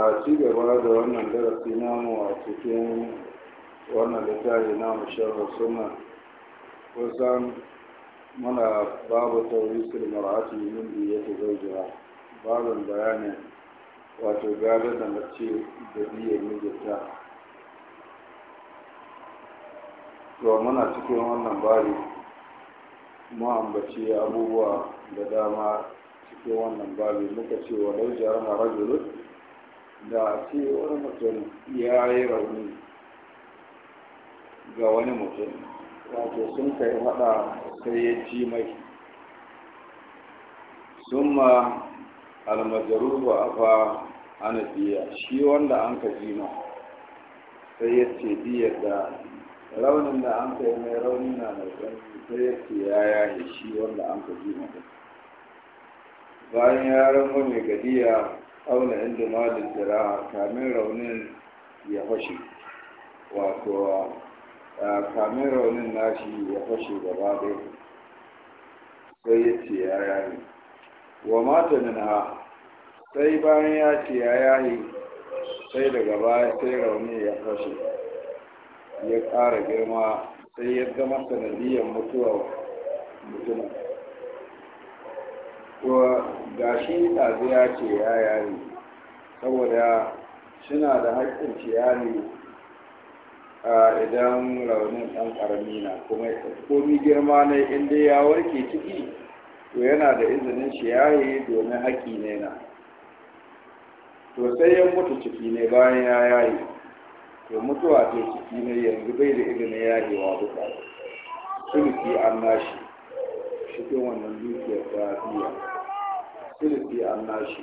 a ci gaba da wannan darasi namu a cikin wannan littafi namu sharhu sunna kusan muna babu taurisul da min zai jira babin bayanin wato gada da mace da biya mijinta to muna cikin wannan bari mu ambaci abubuwa da dama cikin wannan bari muka ce wa lau jara rajulun da a ce wani mutum ya yi rauni ga wani mutum wato sun kai hada sai ya ci mai summa almajaru ba a fa ana biya shi wanda an ka ma sai ya ce biyar da raunin da an kai mai rauni na mai tsanani sai ya ce ya yaye shi wanda an ka ji ma. bayan ya rango mai gadiya auna inda ma da jira kamin raunin ya fashe wato kamin raunin nashi ya fashe gaba ɗaya sai ya ce ya yayi wa mata min ha sai bayan ya ce ya yayi sai daga baya sai rauni ya fashe ya ƙara girma sai ya zama sanadiyar mutuwa mutumin to ga shi ce ya yari saboda suna da haƙƙin ciyari idan raunin ɗan ƙarami na kuma komi girma ne inda ya warke ciki to yana da izinin ciyayi domin haƙƙi ne na to sai ya mutu ciki ne bayan ya yayi to mutuwa ce ciki ne yanzu bai da izinin yayewa duka sulki an nashi cikin wannan dukiyar ta biya sulusi an nashi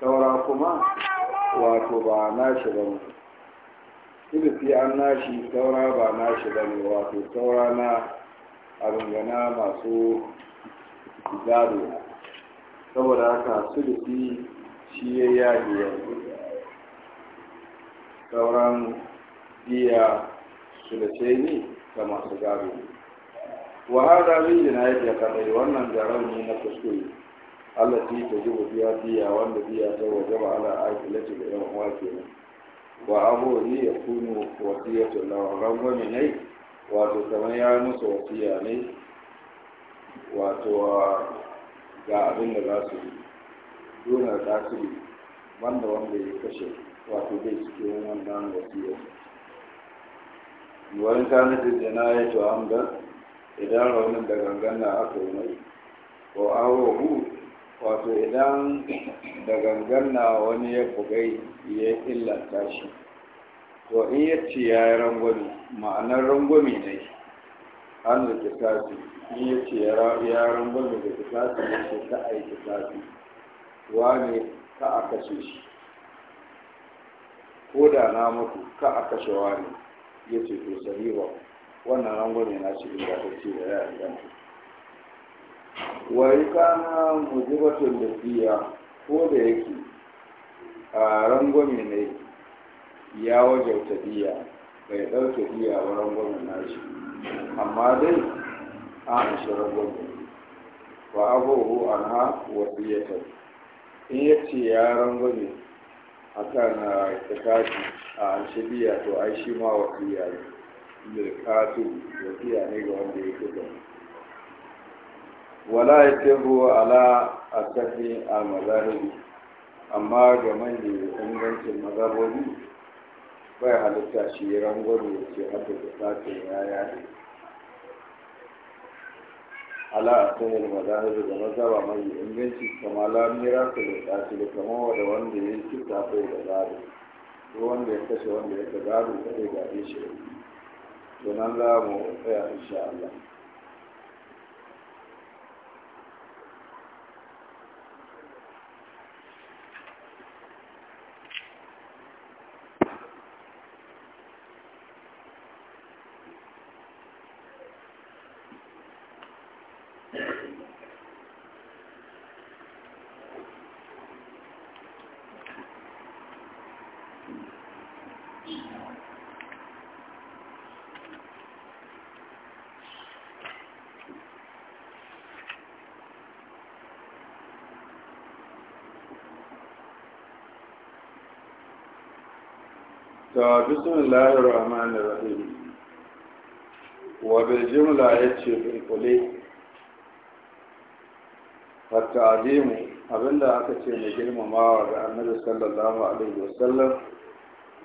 saura kuma wato ba nashi ba ne sulusi an nashi saura ba nashi ba ne wato saura na arungana masu gado saboda haka sulusi shi ya yi yanzu sauran biya sulasai ne ta masu gado wa hada min jinayati ya kadai wannan ne na kuskure Allah ta ji tajibu biya biya wanda biya ta waje ba ala aikilati da yawan uwa nan. wa abu ne ya kunu wasiyatu na rangwame ne wato kamar ya musu wasiya ne wato ga abin da za su yi donar ta su yi wanda wanda ya kashe wato bai cikin wannan wasiyar wani tanadin da na ya to amdar idan raunin da gangan na aka yi mai ko rohu wato idan da gangan na wani ya bugai ya illata shi to in ya ce ya yi rangwami ma'anar rangwami ne an da kisasi in ya ce ya rangwami da kisasi ya ce ta a yi Wa ne ka a kashe shi ko da na mutu ka a kashe ne ya ce wannan rangwame na shi da ta da ya gani wai kana mujibatun da biya ko da yake a rangwame ne ya wajauta biya bai ɗauke biya wa rangwame na shi amma dai an shi rangwame wa abubu an ha tafi. in ya ce ya rangwame a kan a a an shi biya to ai shi ma wasiya ne lilkatu wasiya ne ga wanda ya kuka wala ya tehu ala a tafi a mazahiri amma ga manyan ingancin mazaboni bai halitta shi rangwaro ce hada da satin ya ne ala a tsayin mazahiri da mazaba mai inganci kama lamira su da tsaki da kama wanda wanda ya yi kisa bai da gado ko wanda ya kashe wanda ya ka gado kadai gaɗe shi to nan za mu tsaya insha Allah ta bismillahir rahmanir rahim wa bil jumla yace bulbule hatta adimu abinda aka ce mai girmamawa ga annabi sallallahu alaihi wasallam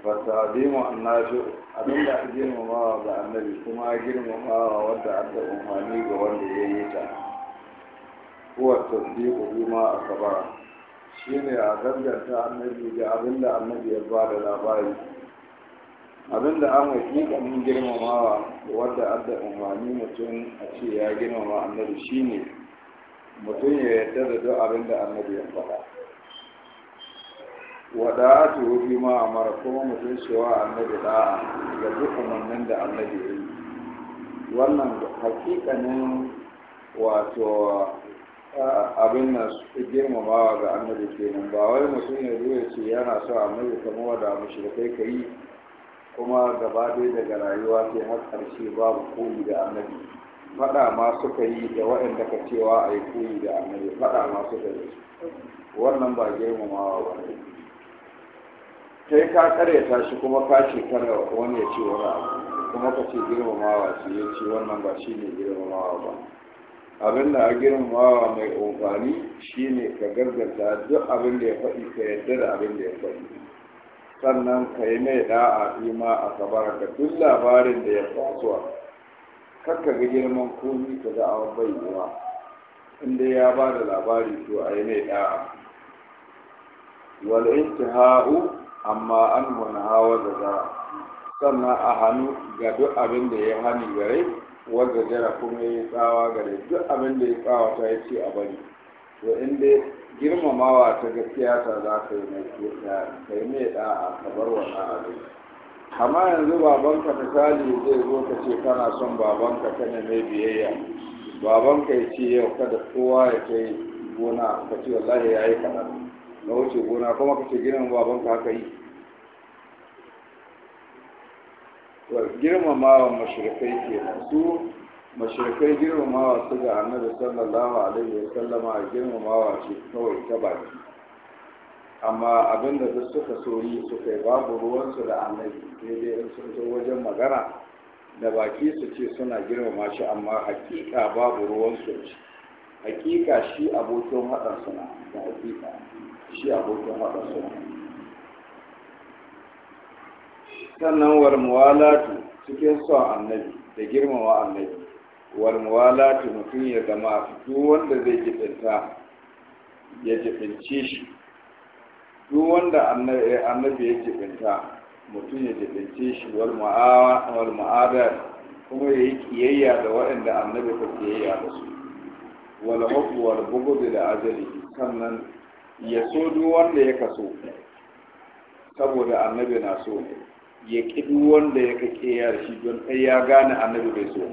hatta adimu annabi abinda aka girmamawa ga annabi kuma girmamawa wanda aka umarni ga wanda ya yi ta huwa tasdiqu bima akbara shine a gaggata annabi da abinda annabi ya bada labari abinda an hakikanin girmamawa wadda adda umarni mutum a ce ya girmama annabi shine mutum ya yarda da duk abinda annabi ya faɗa wada ta wuri ma a mara kuma mutum cewa annabi da'a ga duk umarnin da annabi ya yi wannan hakikanin wato abin nan girmamawa ga annabi kenan ba wai mutum ya zo ya ce yana so annabi kamar wada mushrikai ka yi kuma gaba ɗaya daga rayuwa sai har ƙarshe babu koyi da annabi faɗa ma suka yi da waɗanda ka cewa a yi koyi da annabi faɗa ma suka yi wannan ba girmamawa ba ne kai ka karyata shi kuma ka shekara wani ya ce wani abu kuma ka ce girmamawa shi ya ce wannan ba shi ne girmamawa ba abin da a girmamawa mai ofani shine ka gargaza duk abin da ya faɗi ka yarda da abin da ya faɗi sannan ka yi mai da'a ima a kabara ka duk labarin da ya faso kakka ga girman komi ka ga an bayyana inda ya ba da labari to a yi mai da'a wal intiha'u amma an hawa da za sannan a hannu ga duk abin da ya hani gare wanda jara kuma ya tsawa gare duk abin da ya tsawa ta yi ci a bari to inda girmamawa ta gaskiya ta za ka yi mai da kai mai da'a ka bar wa abu. amma yanzu babanka kali zai zo ka ce kana son babanka kana mai biyayya babanka ya ce yau kada kowa ya kai gona ka ce wallahi ya yi kaɗan na wuce gona kuma ka ce girman babanka haka yi girmamawa mashirkai ke su mashirkai girmamawa su ga annabi sallallahu alaihi wa sallama girmamawa ce kawai ta baki amma abin da duk suka so yi suka yi babu ruwansu da annabi daidai in sun zo wajen magana da baki su ce suna girmama shi amma hakika babu ruwansu da shi hakika shi abokin haɗa suna da hakika shi abokin haɗa suna sannan war muwalatu cikin son annabi da girmama annabi wal muwalatu mutum ya zama duk wanda zai jibinta ya jibince shi duk wanda annabi ya jibinta mutum ya jibince shi wal kuma ya yi kiyayya da waɗanda annabi ta kiyayya da su wal hubbu wal bughd da ajali sannan ya so duk wanda ya kaso saboda annabi na so ya ƙi duk wanda ya kake kiyayya shi don ɗaya ya gane annabi bai so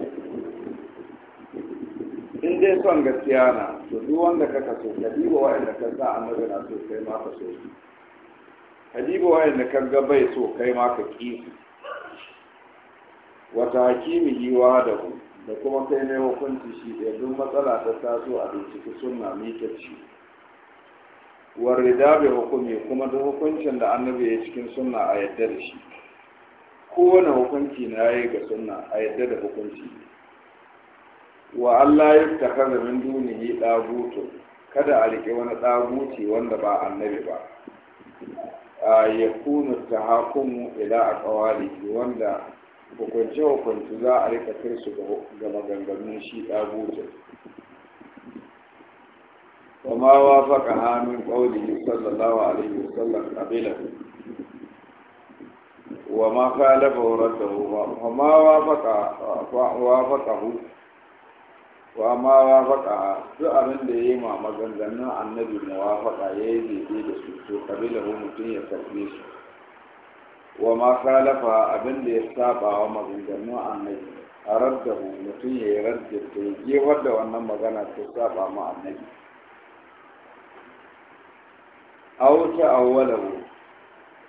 in dai son gaskiya na to duk wanda ka kaso ka diba wa'anda ka sa annabi na so kai ma ka so su ka diba wa'anda ka ga bai so kai ma ka ki su wata hakimi yiwa da ku da kuma kai ne hukunci shi da duk matsala ta taso a binciki sunna mitacci warrida bai hukumi kuma duk hukuncin da annabi ya cikin sunna a yadda da shi kowane hukunci na yi ga sunna a yadda da hukunci wa Allah ya taka da min dunihi dagutu kada a rike wani daguti wanda ba annabi ba a ya kunu ta ila a kawali wanda hukunce hukunci za a rika kai su ga maganganun shi dagutu kuma wa faka hannun kawali sallallahu alaihi wasallam kabila wa ma kala bauratahu wa ma wa faka wa faka wa ma faɗa duk abin da ya yi ma maganganun annabi faɗa ya yi daidai da su to kabila ko mutum ya karɓe su wa ma kalafa abin da ya saba wa maganganun annabi a mu mutum ya yi ta ya gefar da wannan magana ta saba ma annabi a wuce awwalahu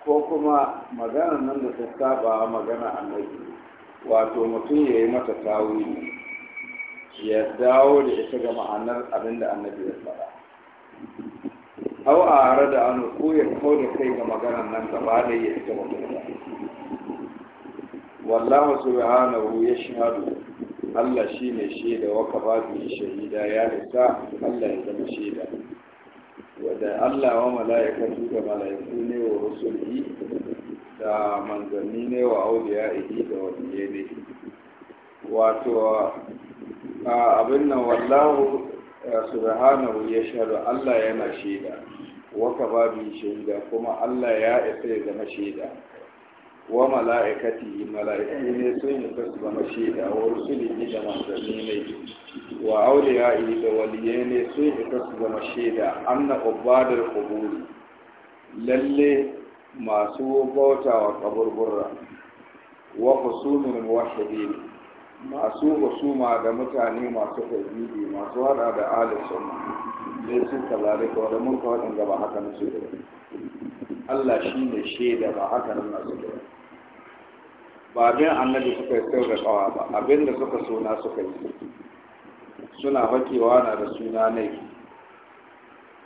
ko kuma magana nan da ta saba wa magana annabi wato mutum ya yi mata tawili ya dawo da ita ga ma'anar abin da annabi ya faɗa hau a hare da anu ko ya kau da kai ga maganar nan gaba da ya ita mutum ba wallahu subhanahu ya shahadu Allah shi ne shaida wa ka shi shahida ya rika Allah ya zama shaida wadda Allah wa mala'ikatu da mala'iku ne wa rusulihi da manzanni ne wa auliya ihi da wani ne wato abin nan wallahu eh, subhanahu ya shaɗu Allah yana shaida waka bi shaida kuma Allah ya isa ya zama shaida wa mala'ikati mala'iku ne sun yi kasu zama shaida wa rusuli da manzanni ne wa auliya da waliye ne sun yi kasu zama shaida na ubadar quburi lalle masu bauta wa kaburburra wa husumin wahidin masu husuma da mutane masu tauhidi masu wada da alif sunna ne sun kalare ko da mun kawadin ga ba haka ne su Allah shi ne shaida ba haka nan na su ba bin annabi suka yi da kawa ba abinda suka so na suka yi suna hakewa na da suna ne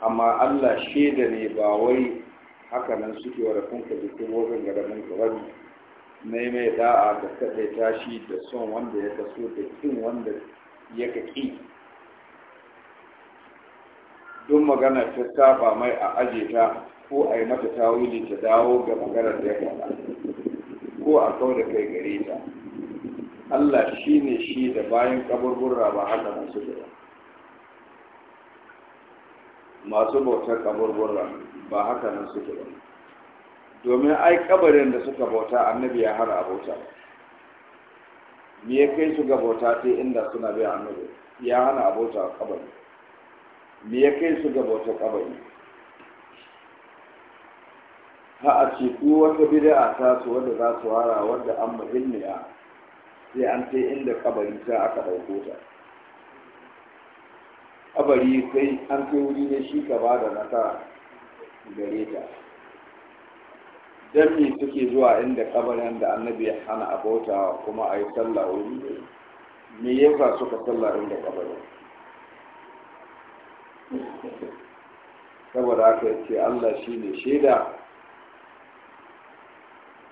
amma Allah shaida ne ba wai haka nan suke wa da ka jikin wajen ga da mun kawai mai mai da'a da ta tashi da son wanda ya kaso da kin wanda ya kaki Don magana ta saba mai a aje ta ko a yi mata tawili ta dawo ga maganar da ya faɗa ko a kawo da kai gare ta Allah shi ne shi da bayan kaburbura ba haka masu da masu bautar kaburbura ba haka nan suke ba domin ai kabarin da suka bauta annabi ya hana a bauta me ya kai su ga bauta sai inda suna biya annabi ya hana a bauta kabari me ya kai su ga bauta kabari ha a ce wata bid'a ta su wanda za su hara wanda an muhimmiya sai an sai inda kabari ta aka dauko ta kabari sai an kai wuri ne shi ka ba da nasara gare ta dan me suke zuwa inda kabarin da annabi ya hana a bauta kuma a yi sallah wuri me yasa suka sallah inda kabarin saboda aka yi ce allah shi ne shaida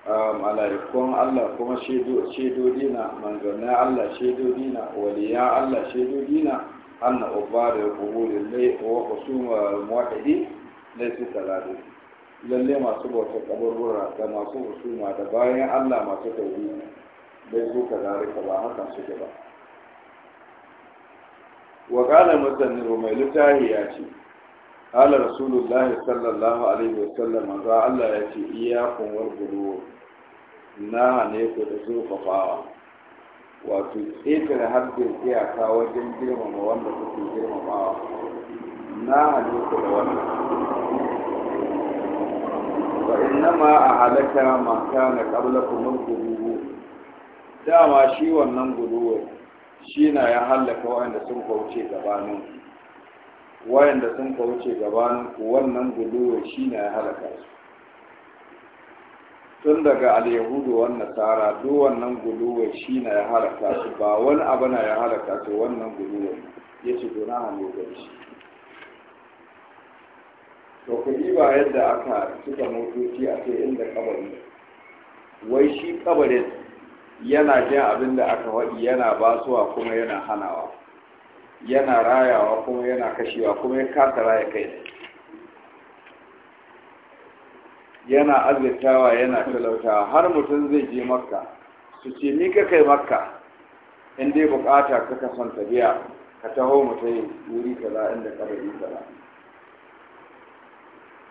ah, mala'ikun allah kuma shaidodi na manzannin allah shaidodi na waliya allah shaidodi na anna ubba da kuburin lai wa kusurwa muwaɗi lai su talatin lalle masu bautar kaburbura da masu husuma da bayan Allah masu tauhidi bai zo ka zarika ba hakan su suke ba wa qala musanniru mai litahi ya ce qala rasulullahi sallallahu alaihi wa sallam za Allah ya ce iyyakum wal ghulur na ne ku da zurfafawa wato ƙetare haddin iyaka wajen girmama wanda kuke girmamawa na ne ku da wannan فإنما أهلك ما كان قبلكم الغلو dama shi wannan guduwa shi na ya hallaka wayanda sun kauce gabanin wayanda sun kauce gabanin ku wannan guduwa shi na ya halaka su tun daga alyahudu wan nasara duk wannan guduwa shi na ya halaka su ba wani abu na ya halaka su wannan ya yace gona ne da shi to ku ba yadda aka cika motoci a kai inda kabari wai shi kabarin yana jin abin da aka waɗi yana basuwa kuma yana hanawa yana rayawa kuma yana kashewa kuma ya kasa raya kai yana azirtawa yana talautawa har mutum zai je makka su ce ni ka kai makka in dai bukata ka kasanta biya ka taho mutai wuri kaza inda kabari kaza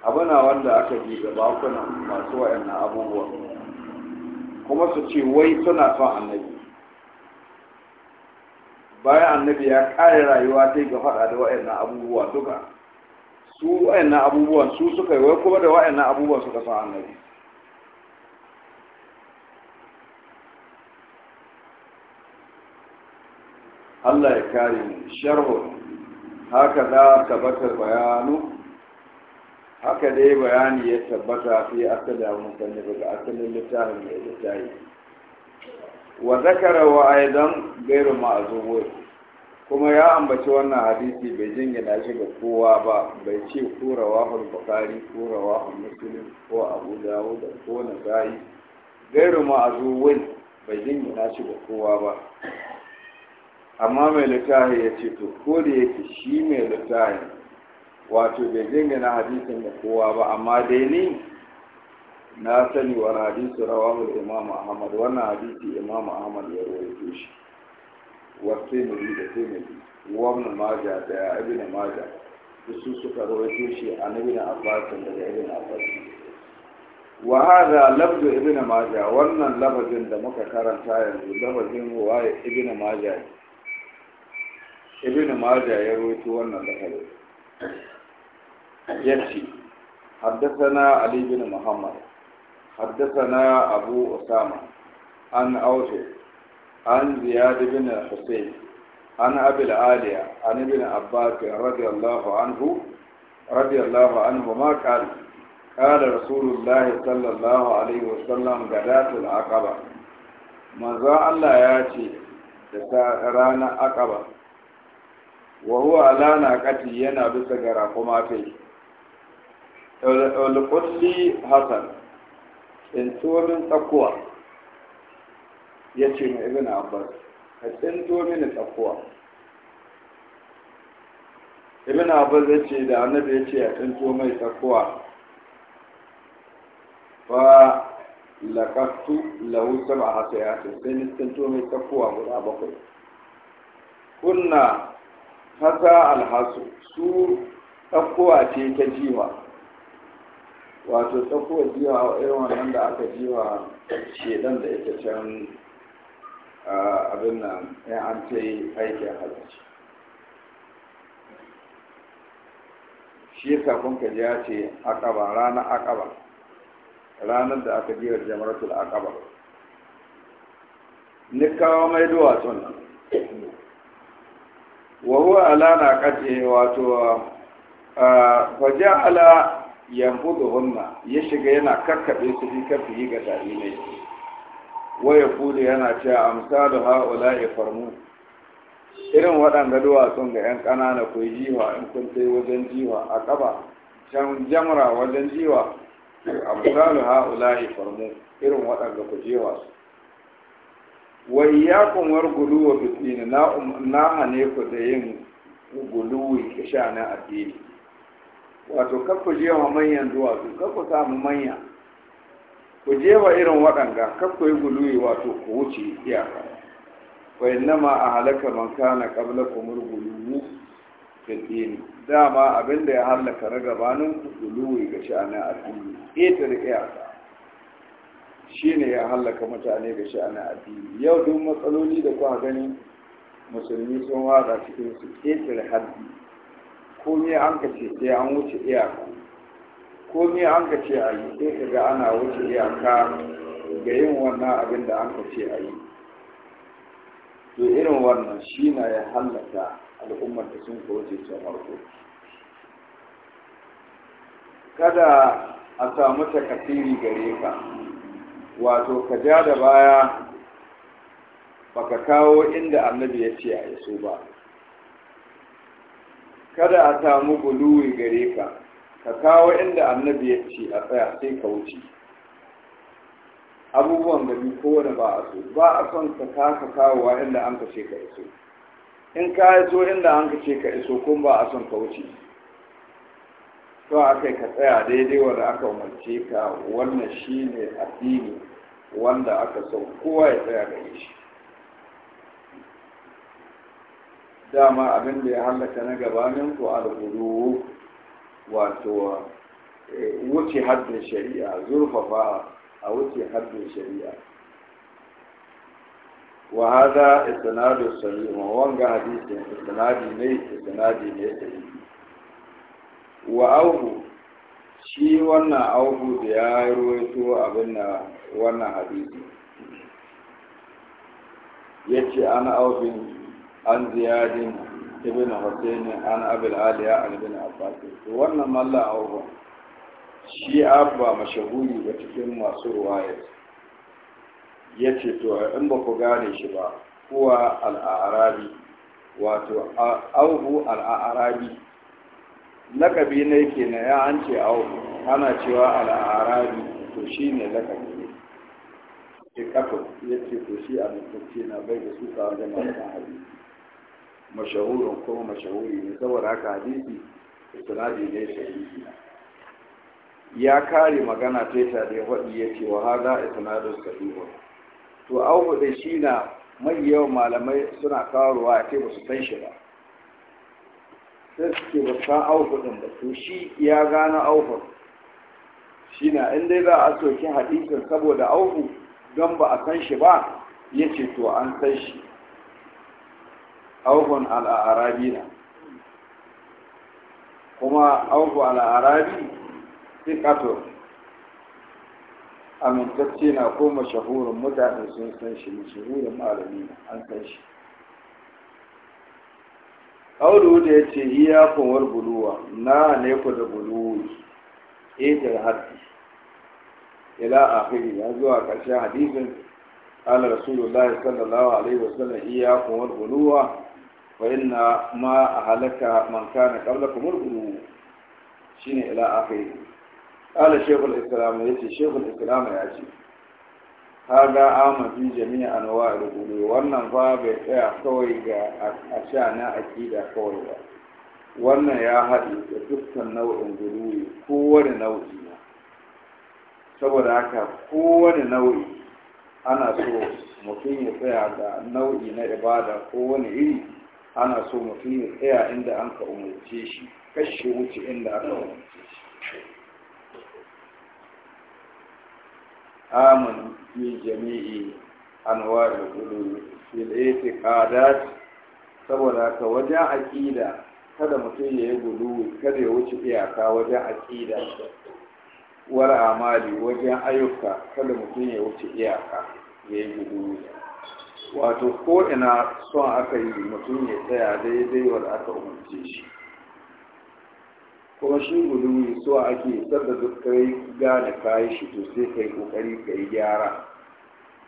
abana wanda aka ji da bakuna masu wa'annan abubuwa kuma su ce wai suna son annabi bayan annabi ya kare rayuwa ta ga faɗa da wa'annan abubuwa duka su wa'annan abubuwan su suka yi wai kuma da wa'annan abubuwan suka son annabi Allah ya kare mu sharhu haka da tabbatar bayanu haka dai bayani ya tabbata fi asali musannif daga asalin littafin mai littafi wa zakara wa aidan gairu ma'zubur kuma ya ambaci wannan hadisi bai jingina shi ga kowa ba bai ce ko rawahul bukhari kura rawahul muslim ko abu dawud ko nasai gairu ma'zubur bai jingina shi ga kowa ba amma mai littafi ya ce to ko da yake shi mai littafi wato bai jingina hadisin da kowa ba amma dai ni na sani wa hadisu rawahu imam ahmad wannan hadisi imam ahmad ya rawaito shi wa tirmidhi da tirmidhi wa ibn majah da ibn majah su suka rawaito shi an na abbas daga ibn abbas wa hadha lafz ibn majah wannan lafazin da muka karanta yanzu lafazin wa ibn majah ibn majah ya rawaito wannan lafazin يأتي حدثنا علي بن محمد حدثنا أبو أسامة عن أوجه عن زياد بن حسين عن أبي العالية عن ابن عباس رضي الله عنه رضي الله عنه ما قال قال رسول الله صلى الله عليه وسلم قدات العقبة manzon Allah ya ce da ranar akaba wa huwa ala قماتي ulkulli hasan tsintuwa min tsakuwa ya ce ma ibn abbas ka tsintuwa min tsakuwa ibn abbas ya ce da annabi ya ce a tsintuwa mai tsakuwa fa lakattu lahu ya ce, sai ni tsintuwa mai tsakuwa guda bakwai kunna hasa alhasu su tsakuwa ce ta jiwa wato tsakowar jiwa irin wannan da aka jiwa shedan da ita can abin nan yan an ta yi aikin halarci shi yasa kun ji ya ce akaba ranar akaba ranar da aka jiwa jamaratul akaba ni kawo mai duwatsun nan wa huwa ala na kace wato fa ja'ala yanbudu hunna ya shiga yana kakkabe su fi kafi ga tari ne waya kudu yana cewa amsalu haula ya farmu irin waɗanda duwatsun ga 'yan ƙanana ku yi jiwa in kun kai wajen jiwa a ƙaba can jamra wajen jiwa amsalu haula ya farmu irin waɗanda ku jiwa su wa iyakun war guluwa fitini um-, na hane ku da yin guluwi ga sha'anin addini wato kar ku je wa manyan duwatsu kar ku samu manya ku je wa irin waɗanga kar ku yi guluyi wato ku wuce iyaka wa innama a halaka man kana qabla kumul guluwu fiddini dama abinda ya halaka ragabanin ku guluyi ga sha'anin addini ƙetare iyaka shine ya halaka mutane ga sha'anin addini yau duk matsaloli da kuka gani musulmi sun wada cikin su ƙetare haddi komai an ka ce sai an wuce iyaka komai an ka ce a yi sai ka ga ana wuce iyaka ga yin wannan abin da an ka ce a yi to irin wannan shi na ya hallaka al'ummar da sun ka wuce can farko kada a samu takasiri gare ka wato ka ja da baya baka kawo inda annabi ya ce a iso ba kada a samu guluwi gare ka ka kawo inda annabi ya ce a tsaya sai ka wuce abubuwan da bi kowane ba a so ba a son ka kaka kawowa inda an ka ce ka iso in ka iso inda an ka ce ka iso kuma ba a son ka wuce to a kai ka tsaya daidai wanda aka umarce ka wannan shine addini wanda aka so kowa ya tsaya gare shi dama abin da ya hallaka na gabanin ku alhudu wato eh, wuce haddin shari'a zurfafa a wuce haddin shari'a wa hada isnadu sahih wanga hadisin isnadi ne isnadi ne wa auhu shi wannan auhu da ya ruwaito abin na wannan hadisi yace an aubin an ziyadin ibn husayn an abin aliya an ibn abbas to wannan malla auwa shi abba mashahuri ga cikin masu ruwaya ce to in ba ku gane shi ba kuwa al'arabi wato auhu al Na lakabi ne kenan ya an ce auhu ana cewa al'arabi to to ne lakabi ke ya ce to shi a mutunci na bai da su suka jama'a da hadisi mashahurin ko mashahuri ne saboda haka hadisi isnadi ne sahihi ya kare magana ta ta da wadi yace wa hada isnadu sahihu to au da shi na mai yawan malamai suna kawowa a ce ba su san shi ba sai suke ba san auku din ba to shi ya gano auku shi na in dai za a soki hadisin saboda auku don ba a san shi ba yace to an san shi Aukun al'arabi na kuma auku al'arabi sikato amintacce na koma shahurin mutane sun san shi shahurin malami an san shi auru da ya ce iya kowar buluwa na neku ku da buluwi ƙetar haddi ila akhiri ya zuwa ƙarshen hadisin ala rasulullahi sallallahu alaihi wasallam iya kowar buluwa فإن ما أهلك من كان قبلكم الغلو شيني إلى آخره قال شيخ الإسلام يأتي شيخ الإسلام يأتي هذا عام في جميع أنواع الغلو وأن يا يحتوي أشانا أكيد كوي وأن يا هدي يتفت النوع الغلو هو نوع saboda haka kowane nau'i ana so mutum ya tsaya da nau'i na ibada kowane iri ana so mutum ya tsaya inda an ka umarce shi kashe wuce inda aka umarce shi amin fi jami'i anwar al gudu fil kadat saboda ka wajen aƙida, kada mutum ya yi gudu kada ya wuce iyaka wajen aƙida wara amali wajen ayyuka kada mutum ya wuce iyaka ya yi gudu wato ko ina son aka yi mutum ya tsaya daidai wanda aka umarce shi kuma shi ne so ake sadda duk kai gane kayi shi to sai kai kokari kai gyara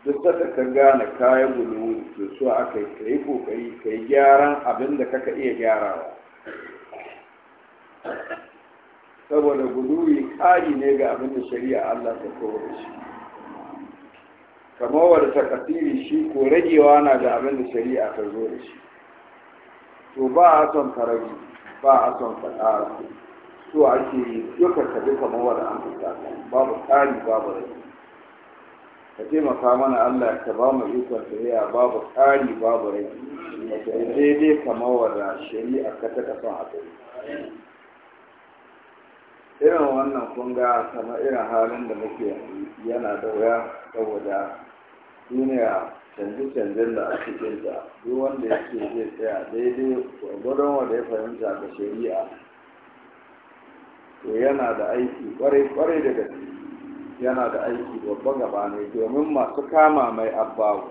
duk sadda ka gane kai gudu to so aka yi kai kokari kai gyaran abin da kaka iya gyarawa saboda gudumi ƙari ne ga abin da shari'a Allah ta kowa da shi kamar wadda ta shi ko ragewa na da abin da shari'a ta zo da shi to ba a son karagi ba a son fadara so ake yi duka ka duka kamar da an fita babu tsari babu rage ka taimaka mana Allah ta ba mu ikon shari'a babu tsari babu rage ka yi daidai kamar da shari'a ka ta kafa a kai irin wannan kunga kamar irin halin da muke yana da wuya saboda duniya canje-canjen da a cikin ta duk wanda ya ce zai tsaya daidai gwagwadon wanda ya fahimta da shari'a to yana da aiki kwarai-kwarai da gaske yana da aiki babba gaba ne domin masu kama mai abbawu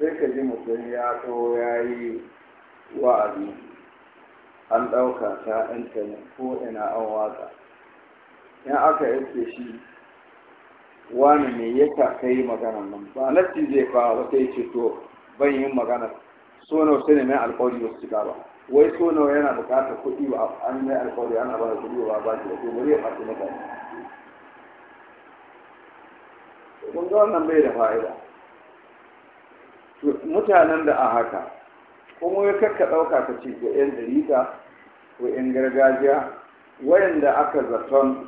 sai ka ji mutum ya to ya yi wa'azi an ɗauka ta intanet ko ina an watsa in aka yake shi wani me yasa ka yi magana nan ba nafsi zai fa wata ce to ban yin magana so na sai ne mai alƙawari ba su cika ba wai so na yana buƙatar kuɗi ba an mai alƙawari ana ba da kuɗi ba ba shi da to bari ya faɗi na gani kun ga wannan bai da fa'ida mutanen da a haka kuma ya kakka ɗauka ka ce ga 'yan jarida ko 'yan gargajiya wayanda aka zaton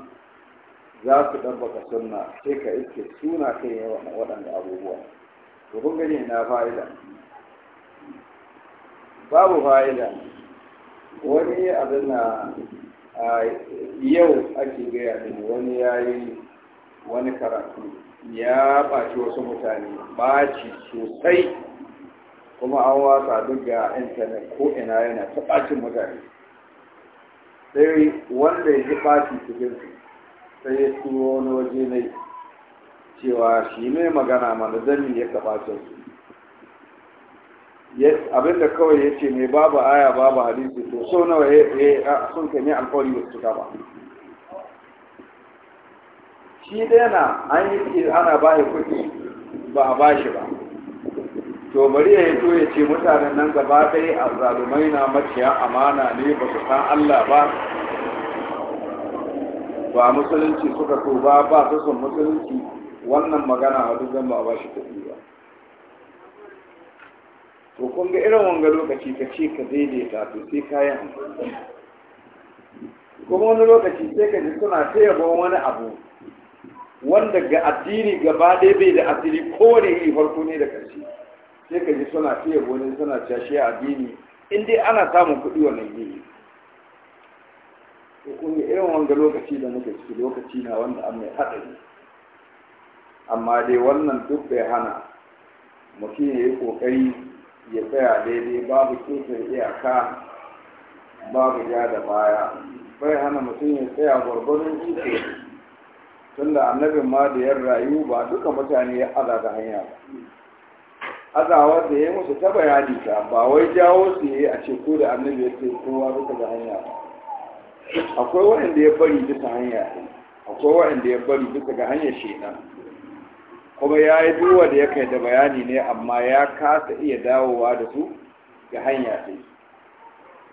za su ɗabbaka sunna sai ka iske suna kai waɗanda abubuwa to kun gani na fa'ida babu fa'ida wani abin na yau ake gaya min wani ya yi wani karatu ya ɓaci wasu mutane ɓaci sosai kuma an wasa duk ga intanet ko ina yana ta ɓacin mutane sai wanda ya ji ɓaci cikinsu sai ya tuwo wani waje ne cewa shi ne magana mana yi ya kabacin su abinda kawai ya ce mai babu aya babu hadisi to so nawa ya sun ka ne alkawari ba su ba shi dai na an yi ce ana ba ya kuɗi ba a ba shi ba to bari ya to ya ce mutanen nan gaba ɗaya a zalumai na maciya amana ne ba su san Allah ba ba musulunci suka so ba ba su son musulunci wannan magana a duk ba ba shi kuɗi ba to kun ga irin wanga lokaci ka ce ka daidaita to sai kayan hankali kuma wani lokaci sai ka ji suna ta yabon wani abu wanda ga addini gaba ɗaya bai da asiri kowane iri farko ne da ƙarshe sai ka ji suna ta yabo ne suna cashe addini in dai ana samun kuɗi wannan gini ko kuma irin wanga lokaci da muke ciki lokaci na wanda an mai haɗari amma dai wannan duk bai hana mutum ya yi ƙoƙari ya tsaya daidai babu ƙetare iyaka babu ja da baya bai hana mutum ya tsaya gwargwadon iko tunda annabin ma da yan rayu ba duka mutane ya aza da hanya ba azawa da ya musu ta bayani ta ba wai jawo su yi a ce ko da annabi ya ce kowa duka da hanya ba akwai waɗanda ya bari duka hanya akwai waɗanda ya bari duka ga hanyar shaidan kuma ya yi duwa da ya kai da bayani ne amma ya kasa iya dawowa da su ga hanya sai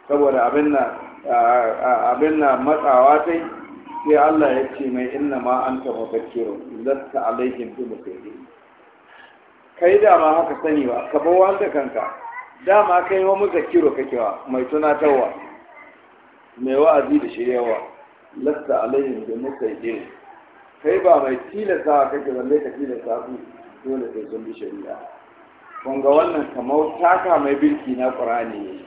saboda abin na matsawa sai sai Allah ya ce mai inna ma an taɓa bakiro lasta alaikin fi musulmi kai dama haka sani ba ka bawa da kanka dama kai wa kake wa mai tunatarwa mai wa'azi da shiryawa lasta alaihim da mutaiɗe kai ba mai tilasa kake balle ka tilasa ku dole sai sun bi shari'a kun ga wannan kamar taka mai birki na ƙur'ani ne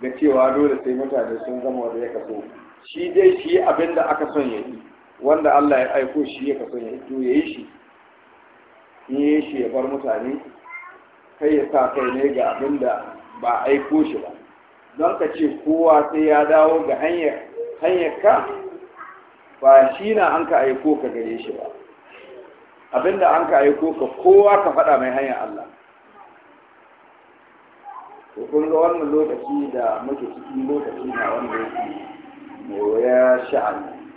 ga cewa dole sai mutane sun zama wanda ya kaso shi dai shi abin da aka son ya yi wanda Allah ya aiko shi ya kaso ya to yayi shi ni ya shi ya bar mutane kai ya sa kai ne ga abin da ba aiko shi ba don ka ce kowa sai ya dawo ga hanyar ka ba shi na an ka aiko ka gare shi ba abinda an ka aiko ka kowa ka faɗa mai hanyar Allah Ko kun ga wannan lokaci da muke ciki lokaci na wanda yake mai waya sha'ani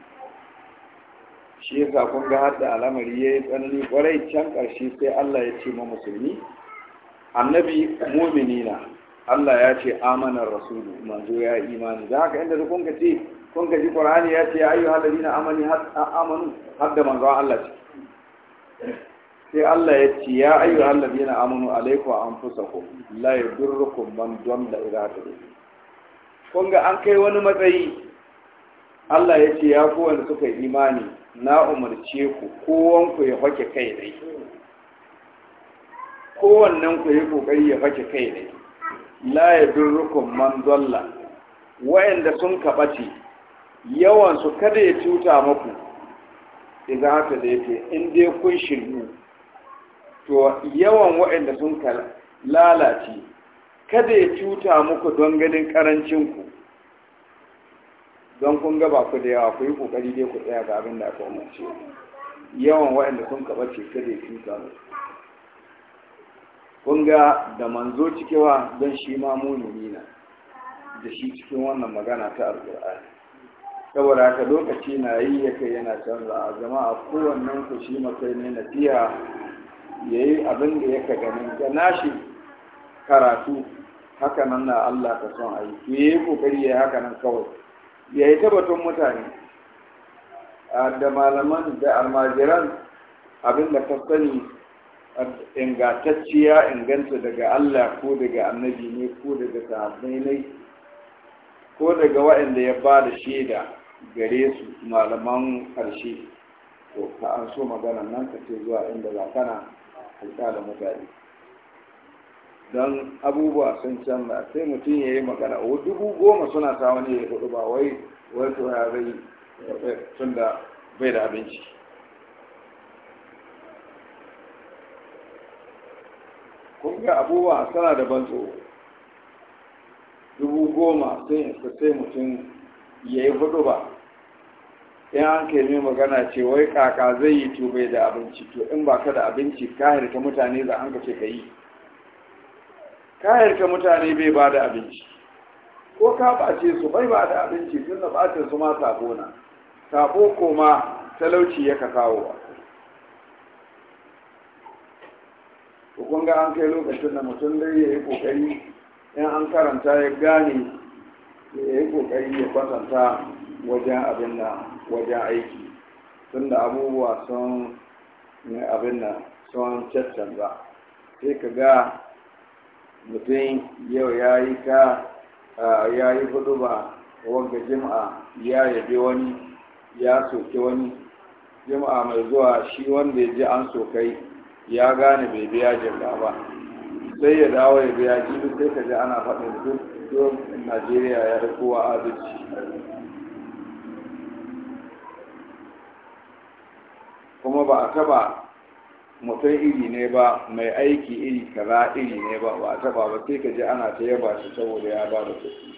shi yasa kun ga har da al'amari yayi tsanani kwarai can ƙarshe sai Allah ya ce ma musulmi annabi mu'minina Allah ya ce amanar rasulu manzo ya imani da haka inda kun ka ce kun ka ji Qur'ani ya ce ayu halalina amani amanu hadda manzo Allah ce sai Allah ya ce ya ayu halalina amanu alaikum anfusakum la yadurrukum man dalla ila kun ga an kai wani matsayi Allah ya ce ya kowanne suka yi imani na umarce ku kowanku ya fake kai dai kowannen ku yi kokari ya fake kai dai la yadurrukum man dalla wayanda sun kabace yawan su kada ya cuta muku idan haka da yake in dai kun shiryu to yawan wayanda sun lalace kada ya cuta muku don ganin karancin ku don kun gaba ku da yawa ku yi kokari dai ku tsaya ga abin da aka umarce yawan wayanda sun kabace kada ya cuta muku kun da manzo cikewa don shi ma mumini na da shi cikin wannan magana ta alƙur'ani saboda haka lokaci na yi ya kai yana canza a zama a kowannen ku shi makai ne nasiha ya yi abin da ya ka ganin ga nashi karatu haka nan na Allah ka son ayi ya yi kokari ya haka nan kawai ya yi tabbatun mutane da malaman da almajiran abin da ka sani ingantacciya inganta daga Allah ko daga annabi ne ko daga sahabbai ne ko daga waɗanda ya ba da shaida gare su malaman ƙarshe to ka an so magana nan ka ce zuwa inda za kana hulɗa da mutane don abubuwa sun canza sai mutum ya yi magana o dubu goma suna sa wani ya hudu ba wai wai ya zai tun bai da abinci ga abubuwa suna da ban dubu goma sun isa sai mutum ya yi hudu ba in an kai mai magana ce wai kaka zai yi tube da abinci to in ba ka da abinci kahir ka mutane za an kace ka yi kahir ka mutane bai ba da abinci ko ka bace su bai ba da abinci sun da bacin su ma sabo na sabo koma talauci ya ka kawo kun ga an kai lokacin da mutum dai ya yi kokari in an karanta ya gane ya yi kokari ya kwatanta wajen abin da wajen aiki tun da abubuwa sun abin da sun caccanza sai ka ga mutum yau ya yi ka ya yi hudu ba wanga jima'a ya yabe wani ya soke wani jima'a mai zuwa shi wanda ya ji an sokai ya gane bai biya jirga ba sai ya dawo ya biya jibi sai ka ji ana faɗin duk yau najeriya ya da kowa adalci kuma ba a taba mutum iri ne ba mai aiki iri kaza iri ne ba ba a taba ba sai ka ji ana ta yaba shi saboda ya ba da kuɗi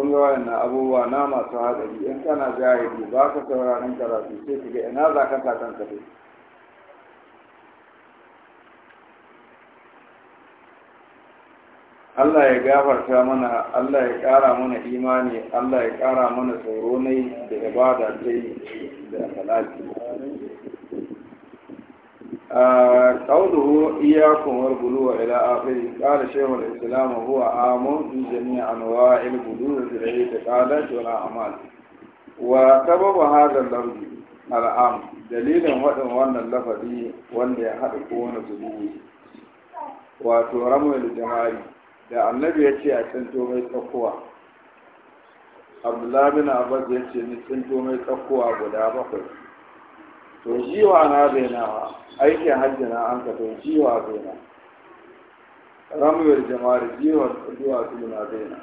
kun ga na abubuwa na masu hatsari in kana jahili ba ka sauraron karatu sai ka ga ina za ka sa kanka dai Allah ya gafarta mana Allah ya ƙara mana imani Allah ya ƙara mana tsoro da ibada da salati قوله إياكم والغلو إلى آخره قال شيخ الإسلام هو عام في جميع أنواع الغلو في الاعتقادات والأعمال وسبب هذا اللفظ العام دليل وأن وأن اللفظ وأن يحرقون سبيل وترموا الجمال da annabi ya ce a tsinto mai tsakuwa abdullahi bin abbas ya ce ni tsinto mai tsakuwa guda bakwai to jiwa na bainawa aikin hajji na an ka to jiwa baina ramuwar jama'ar jiwa zuwa su na baina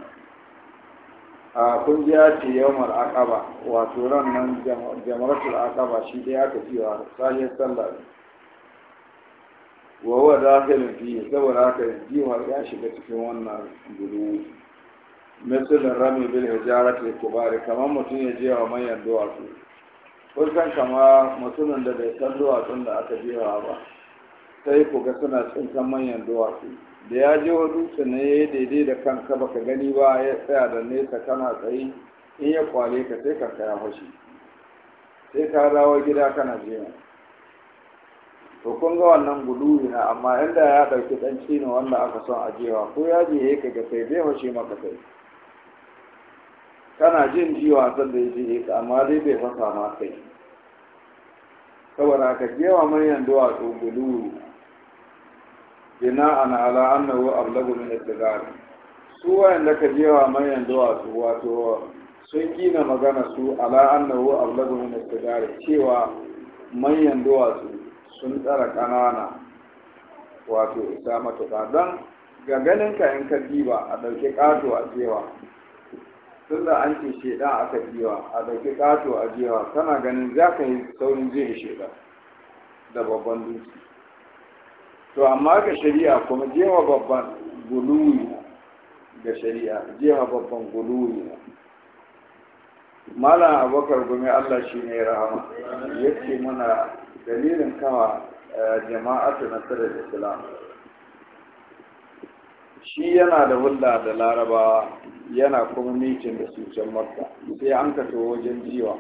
a kungiya ce yawmar akaba wato ran nan jama'ar akaba shi dai aka jiwa sahiyar sallah wa huwa dakhilun fihi saboda haka jiwa ya shiga cikin wannan gulu misalin rami bil hijarati kubari kamar mutum ya je wa manyan duwatsu kusan kama mutumin da bai san duwatsun da aka jewa ba sai ku ga suna san manyan duwatsu da ya je wa dutse ne ya yi daidai da kanka baka gani ba ya tsaya da nesa kana tsayi in ya kwale ka sai ka kaya fashi sai ka dawo gida kana jewa to kun ga wannan gudu na amma inda ya ɗauki ɗan cino wanda aka son jewa, ko ya je ya ka ga sai zai fashe maka sai kana jin ji wasan da ya ji amma dai bai fasa ma kai saboda ka jewa manyan duwatsu gulu bina an ala annahu ablagu min ittigar su da ka jewa manyan duwatsu wato sun gina magana su ala annahu ablagu min ittigar cewa manyan duwatsu sun tsara kanana wato isa matuƙa don ga ganin ka in ka diba a ɗauki ƙato a cewa tun da an ce sheda aka jiwa a ɗauki ƙato a jiwa kana ganin za ka yi saurin zai sheda da babban dutse to amma ga shari'a kuma jewa babban guluwi ga shari'a jewa babban guluwi malam abokar gumi allah shi ne rahama ya ce mana dalilin kawa eh, jama'atu da islam shi yana da hulɗa da laraba yana kuma mitin da su can makka sai an kato wajen jiwa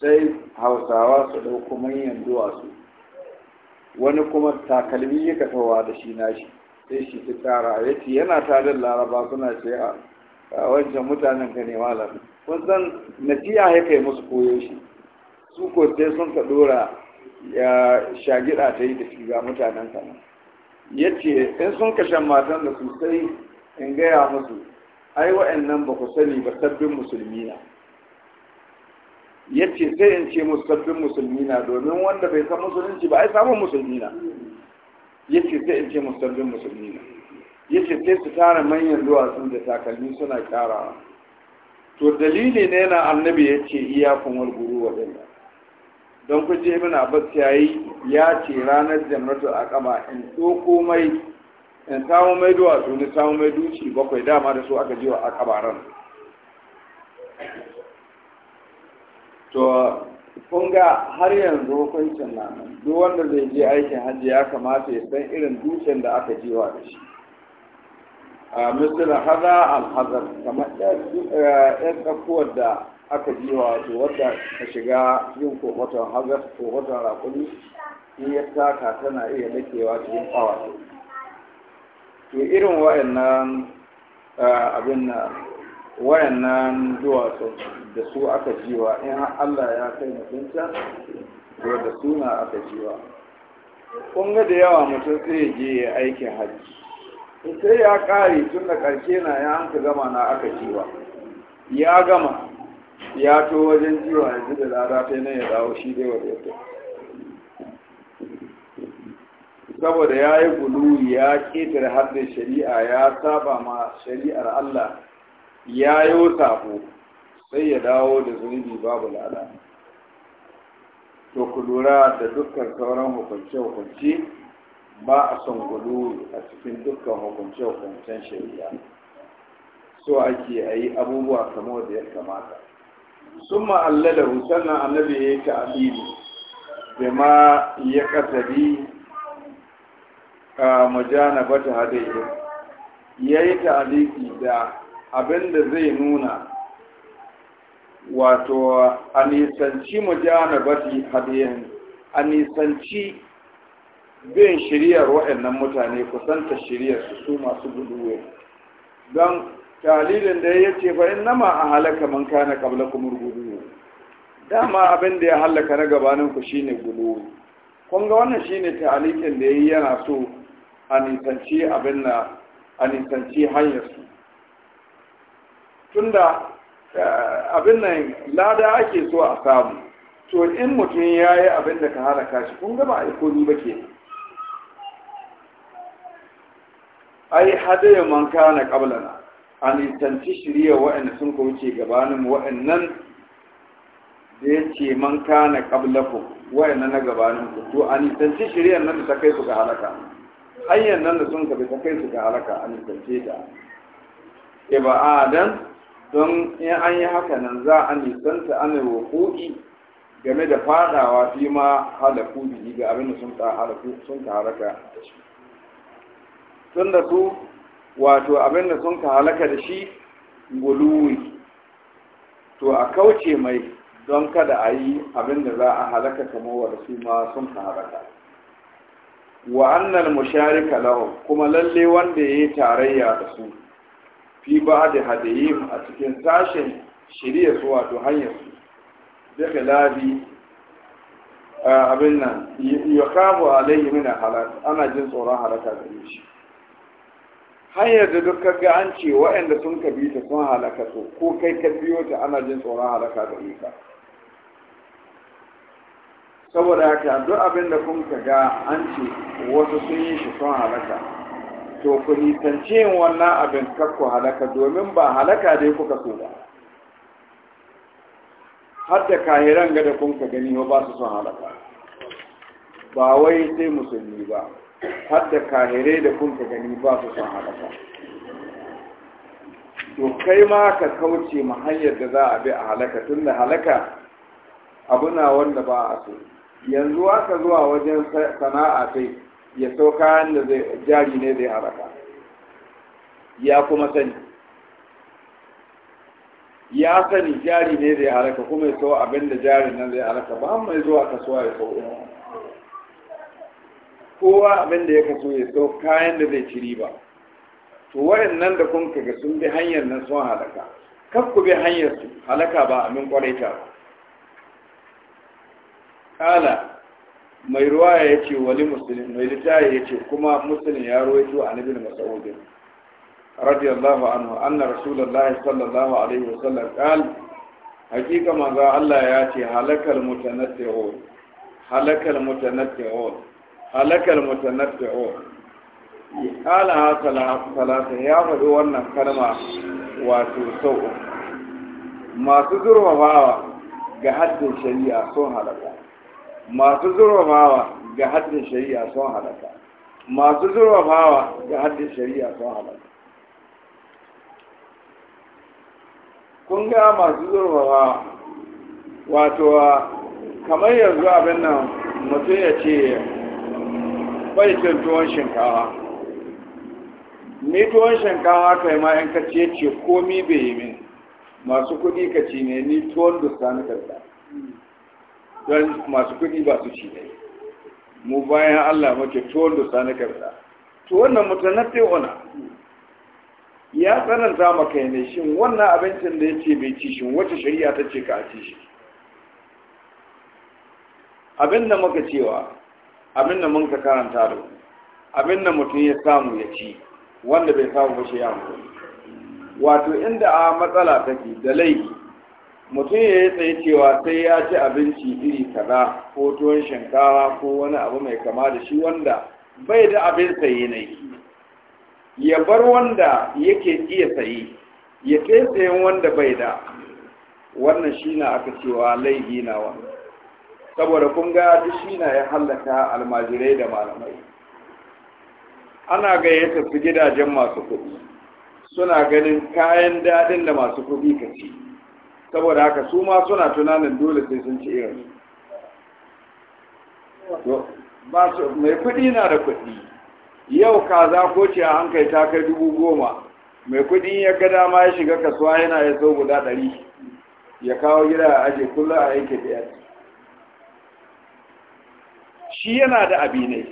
sai hausawa su ɗauko manyan duwatsu wani kuma takalmi ya katowa da shi nashi sai shi ta tara ya ce yana tarin laraba suna ce a wancan mutanen ka ne malam kun san nasiya ya kai musu koyo shi su ko sun ka dora ya shagida ta yi da shi mutanen ka ya ce in sun kashe matan da su sai in gaya musu ai wa'annan ba ku sani ba sabbin musulmi na ya ce sai in ce musu sabbin musulmi na domin wanda bai san musulunci ba ai sabon musulmi na ya ce sai in ce musu sabbin musulmi na ya ce sai su tara manyan sun da takalmi suna karawa. to dalili ne na annabi ya ce iyakun guru waɗanda don kuce ibn abbas yayi ya ce ranar jamratu aqaba in so komai in samu mai duwatsu ni samu mai duci bakwai dama da su aka jiwa a kabaran to kun ga har yanzu hukuncin nan duk wanda zai je aikin hajji ya kamata ya san irin dutsen da aka jiwa da shi a misalin haza al hazar kamar yan tsakuwar da aka biwa to wadda ta shiga yin kohoton hagar kohoton rakuni in ya taka tana iya nakewa cikin awa to irin wayannan abin na wayannan duwatsu da su aka jiwa in Allah ya kai mutunta to da na aka jiwa kun ga da yawa mutum sai je ya aikin hajji sai ya kare tun da ƙarshe na ya hanka gama na aka jiwa ya gama ya to wajen jiwa yanzu da lada ta ya dawo shi dai wa zai saboda ya yi gulu ya ƙetare haddin shari'a ya saba ma shari'ar Allah ya yi sabo sai ya dawo da zunubi babu lada to ku lura da dukkan sauran hukunce-hukunce ba a son gulu a cikin dukkan hukunce-hukuncen shari'a so ake a yi abubuwa kamar da ya kamata sun ma'allada sannan annabi ya yi ta'adili da ma ya kasari a ah, mujanaba bata hadayya ya yi ta'adili da abinda zai nuna wato a nisanci mujanaba ta hadayya a nisanci bin shiriyar waɗannan mutane kusanta shiriyar su su masu guduwa don talilin da ya ce fa nama a halaka man kana qabla kumur dama abin da ya halaka na gabanin ku shine gudu kun ga wannan shine talikin da yayi yana so a nisanci abin na an hanyar su tunda eh, abin nan lada ake so a samu to in mutum ya yi abin da ka halaka shi kun ga ba a yi komi ba ke ai hadaya man kana qablana amintanci shirya wa'anda sun ka wuce gabanin wa'annan da ya ce man kana qablakum wa'annan na gabanin ku to amintanci shirya nan da ta kai su ga halaka hanyar nan da sun ka bi ta kai su ga halaka amintance ta iba'adan don in an yi haka nan za a nisanta ana wuƙoƙi game da fadawa fi ma halaku biyu ga abin da sun ka halaka tun da su wato abin da sun ka halaka da shi guluwi to a kauce mai don kada a yi abin da za a halaka kamar wa su ma sun ka halaka wa annal musharika lahum kuma lalle wanda yayi tarayya da su fi ba'd hadayim a cikin sashen shirye su wato hanyar su da kalabi abin nan yakabu alaihi min halak ana jin tsoron halaka da shi hanyar da duk kaga an ce waɗanda sun ka ta sun halaka su ko kai ka biyo ta ana jin tsoron halaka da ita saboda haka duk abin da kun ka ga an ce wasu sun yi shi sun halaka to ku nisance yin wannan abin kar ku halaka domin ba halaka dai kuka so ba har da kahiran ga da kun ka gani ba su sun halaka ba wai sai musulmi ba har da kahirai da kun ka gani ba su son halaka to kai ma ka kauce ma hanyar da za a bi a halaka tun da halaka abu na wanda ba a so yanzu aka zuwa wajen sana'a sai ya sau kayan da jari ne zai halaka ya kuma sani ya sani jari ne zai halaka kuma ya sau abin da jari nan zai halaka ba mai zuwa kasuwa ya sau kowa abin da ya kaso ya sau kayan da zai ci riba to waɗannan da kun kaga sun bi hanyar nan sun halaka kaf ku bi hanyar su halaka ba amin ta ba kala mai ruwa ya ce wali musulun mai littafi ya ce kuma musulun ya rawaito a nabin masaudin radiyallahu anhu anna rasulullahi sallallahu alaihi wasallam qala hakika manzo Allah ya ce halakal mutanatti'un halakal mutanatti'un halakal mutanatti'u qala hasala salata ya faɗi wannan kalma wato sau masu zurfafawa ga haddin shari'a sun halaka masu zurfafawa ga haddin shari'a sun halaka masu zurfafawa ga haddin shari'a sun halaka kun ga masu zurfafawa wato kamar yanzu abin nan mutum ya ce bai ce tuwon shinkawa ni tuwon shinkawa kai ma in ka ce ce komi bai yi min masu kuɗi ka ci ne ni tuwon dusta na karɓa don masu kuɗi ba su ci ne mu bayan Allah muke tuwon dusta na karɓa tuwon na mutanatte ona ya tsananta ma kai ne shin wannan abincin da ya ce bai ci shin wata shari'a ta ce ka ci shi abin da muka cewa abin da mun ka karanta da abin da mutum ya samu ya ci wanda bai samu ba shi ya wato inda a matsala take da laifi mutum ya yi tsaye cewa sai ya ci abinci iri kaza ko tuwon shinkawa ko wani abu mai kama da shi wanda bai da abin saye na yi. ya bar wanda yake iya saye ya kai sayen wanda bai da wannan shi na aka cewa laifi na wanda saboda kun ga duk shi na ya hallaka almajirai da malamai ana ya su gidajen masu kuɗi suna ganin kayan daɗin da masu kuɗi ka ci saboda haka su ma suna tunanin dole sai sun ci irin mai kuɗi na da kuɗi yau kaza ko ce a hankali ta kai dubu goma mai kuɗi ya ga dama ya shiga kasuwa yana ya sau guda ɗari ya kawo gida a aje kullum a yanke biyar shi yana da abi ne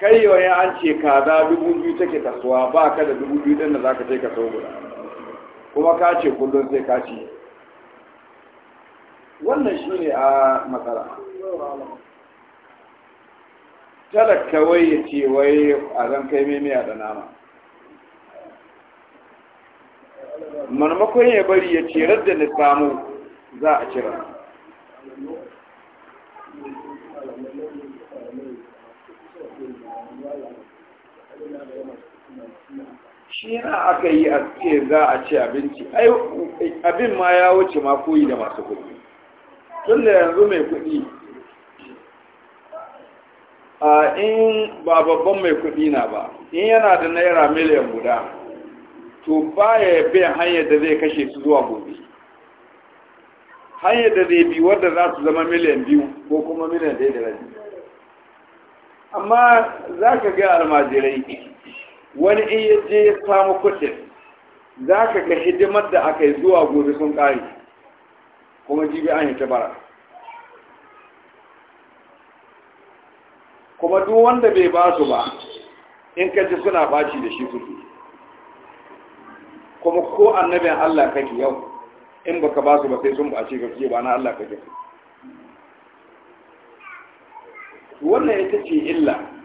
kai yawan an ce kaza dubu biyu take kasuwa ba ka da dubu biyu ɗin da za ka je ka sau guda kuma ka ce kullum sai ka ci wannan shi ne a matsala talaka kawai ya ce wai a zan kai meme da nama marmakon ya bari ya ce da na samu za a cira shi na aka yi a ce za a ci abinci abin ma ya wuce ma koyi da masu kuɗi tun da yanzu mai kuɗi a in ba babban mai kuɗi na ba in yana da naira miliyan guda to ba ya biyan hanyar da zai kashe su zuwa gobe hanyar da zai bi wadda za su zama miliyan biyu ko kuma miliyan daidai da rabi amma za ka ga almajirai wani in ya je ya samu kudin za ka ga hidimar da aka yi zuwa gobe sun ƙari kuma jibi an yi ta bara kuma duk wanda bai ba su ba in ka ji suna baci da shi kudi kuma ko annabin Allah kake yau in baka ba su ba sai sun bace ka ba na Allah kake wannan ita ce illa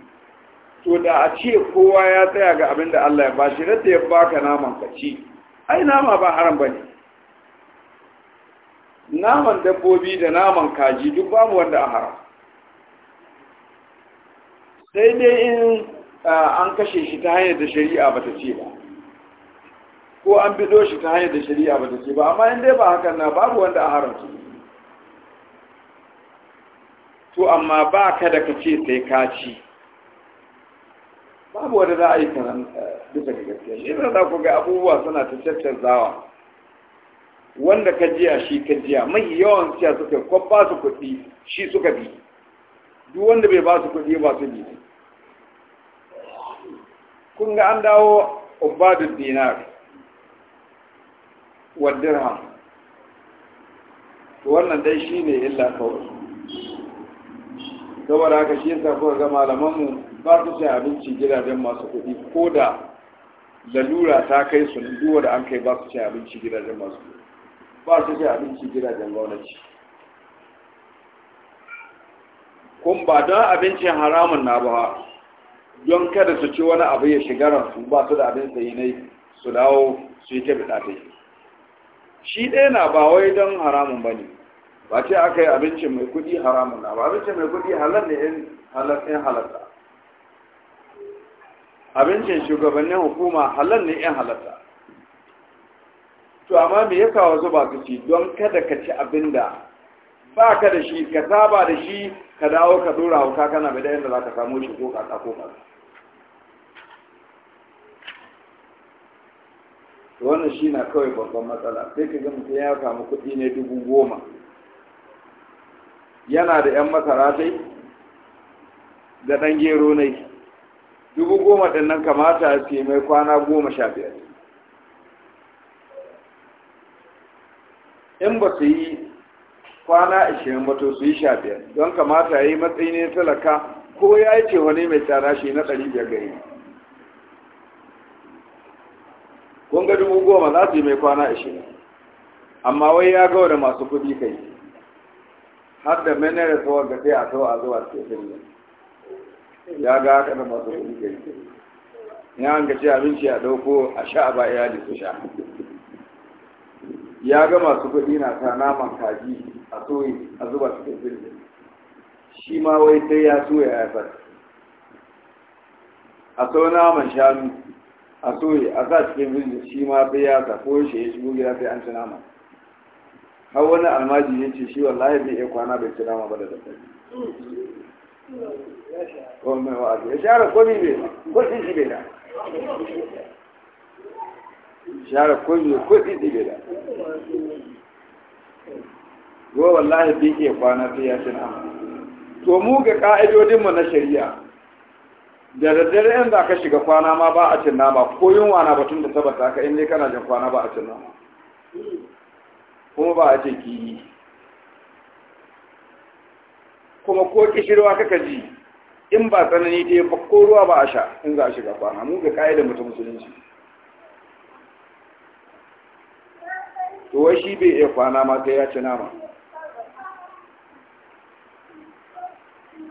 to da a ce kowa ya tsaya ga abin da Allah ya ba shi da ya baka naman ka ci ai nama ba haram bane naman dabbobi da naman kaji duk babu wanda a haram sai dai in an kashe shi ta hanyar da shari'a bata ce ba ko an bido shi ta hanyar da shari'a bata ce ba amma in dai ba hakan na babu wanda a haram su. to amma ba ka da kace sai ka ci babu wani za a yi kanan duka eh, da gaskiya shi za ku ga abubuwa suna ta zawa? wanda ka jiya shi ka jiya mai yawan siya suka ko ba su kuɗi shi suka bi duk wanda bai ba su kuɗi ba su bi kun ga an dawo ubadud dinar wa dirham wannan dai shi ne illa kawai saboda haka shi yasa kuka ga malamanmu ba su cin abinci gidajen masu kuɗi ko da lalura ta kai su duwa da an kai ba su cin abinci gidajen masu kuɗi ba su cin abinci gidajen gwamnati kun ba don abincin haramun na ba don kada su ci wani abu ya shiga ransu ba su da abin sayi ne su dawo su yi ta ɗafe shi ɗaya na ba wai don haramun ba ne ba ce aka yi abincin mai kuɗi haramun na ba abincin mai kuɗi halar ne in halarta. abincin shugabannin hukuma halal ne yan halatta to amma me ya kawo zuba ka don kada ka ci abin da ba ka da shi ka saba da shi ka dawo ka dora hauka kana bai da yadda za ka samu shi ko kaka ko kaka to wannan shi na kawai babban matsala sai ka ga sai ya samu kuɗi ne dubu goma yana da 'yan masara dai da ɗan gero ne dubu goma din nan kamata a ce mai kwana goma sha biyar in ba su yi kwana ashirin ba to su yi sha biyar don kamata ya yi matsayi ne talaka ko ya yi ce wani mai tsara shi na ɗari biyar gari kun ga dubu goma za su yi mai kwana ashirin amma wai ya gawa da masu kuɗi kai har da mineral tsawon ga sai a tawa a zuwa cikin ya ga haka da masu kuɗi gari ya hanga ce abinci a ɗauko a sha a ba iyali su sha ya ga masu kuɗi na sa naman kaji a soyi a zuba cikin firji. shi ma wai sai ya soya ya fara a sau naman shanu a soye a sa cikin birnin shi ma sai ya sa ko shi ya shigo gida sai an ci naman har wani almajiri ya ce shi wallahi bai iya kwana bai ci nama ba da daddare ko mai ya komi ko da komi ko da wallahi bi ke kwana sai ya cin to mu ga ƙa'idodinmu na shari'a da daddare in za shiga kwana ma ba a cin nama ko yunwa na batun da sabata ka in dai kana jin kwana ba a cin nama kuma ba a ce kiyi kuma ko kishirwa kaka ji in ba tsanani ta ba ko ruwa ba a sha in za a shiga kwana mu ga kayi da mutum musulunci to wai shi bai iya kwana ma sai ya ci nama